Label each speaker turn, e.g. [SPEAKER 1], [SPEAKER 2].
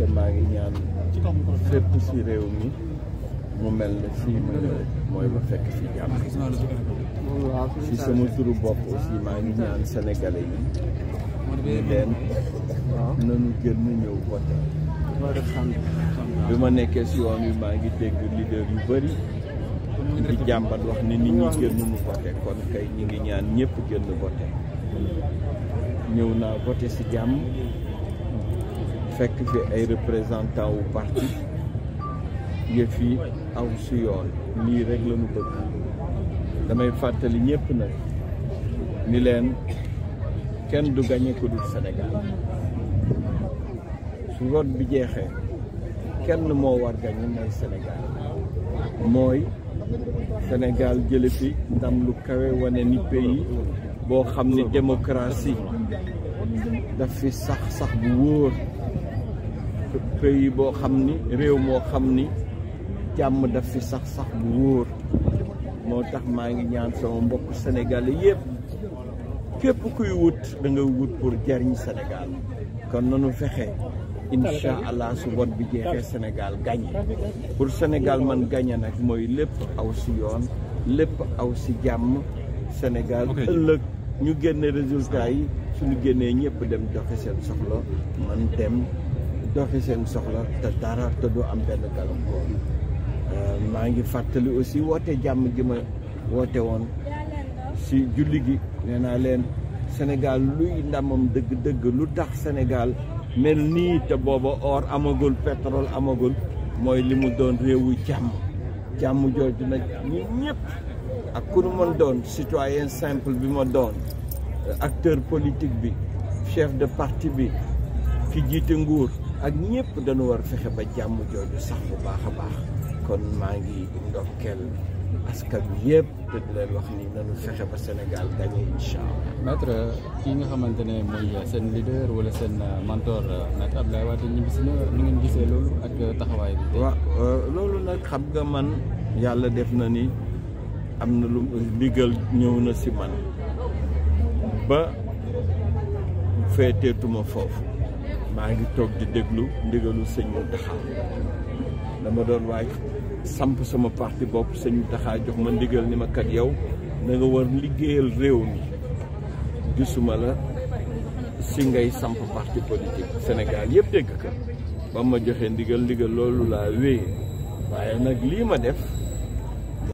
[SPEAKER 1] te maa ngi ñaan fépp si réew mi mu mel ne fii ma Si mooy ma fekk si sama turu bopp aussi maa ngi ñaan sénégalais yi ñu leen nanu gën a ñëw voté bi leader di jàmbat wax ni nit ñi gënnuñu voté kon kay ñi ngi ñaan ñëpp gën a voté ñëw voté si jàmm fekk fi ay représentant wu parti yëf yi aw si yoon lii rek la bëgg damay fàttali ñëpp nag ni leen kenn du gañe ko dul Sénégal su vote bi jeexee kenn moo war gañe mooy Sénégal mooy Sénégal jële fi ndam lu kawe wane ni pays boo xam ne démocratie daf fi sax sax bu wóor pays bo xam ni mo moo xam ni jàmm daf fi sax sax bu wóor moo tax maa ngi ñaan sama mbokk sénégalais yépp képp kuy wut da nga wut pour jariñ sénégal kon nanu fexe incha allah su vote bi jeexee sénégal gagné pour sénégal man gagné nag mooy lépp aw si yoon lépp aw si jàmm sénégal ëllëg ñu génne résultat yi suñu génnee ñëpp dem joxe seen soxla man dem doo fi seen soxla te dara te doo am benn gàllankoor maa ngi fàttali aussi woote jàmm ji ma woote si julli gi nee Senegal leen Sénégal luy ndamam dëgg-dëgg lu senegal Sénégal mel nii te booba or amagul pétrole amagul mooy li mu doon réewu jàmm jàmm jooju nag ñu ñëpp ak ku nu mën doon citoyen simple bi ma doon acteur politique bi chef de parti bi ki jiite nguur ak ñëpp dañu war fexe ba jàmm jooju sax bu baax a baax kon maa ngi ndokkeel askan bi yëpp te di leen wax ni nañu fexe ba Sénégal gagné incha allah. maître kii nga xamante ne seen leader wala seen mentor nag Abdoulaye Wade ñibbisi na gisee loolu ak taxawaay bi. waaw euh, loolu nag xam nga man yàlla def na ni am na lu ndigal ñëw na si man ba féeteetuma foofu. maa ngi toog di déglu ndigalu sëñ Mountakha dama doon waaj samp sama parti bopp sëñ Mountakha jox ma ndigal ni ma kat yow na nga war liggéeyal réew mi gisuma la si ngay samp parti politique senegaal yëpp dégg ka ba ma joxe ndigal ndigal loolu laa wéy waaye nag lii ma def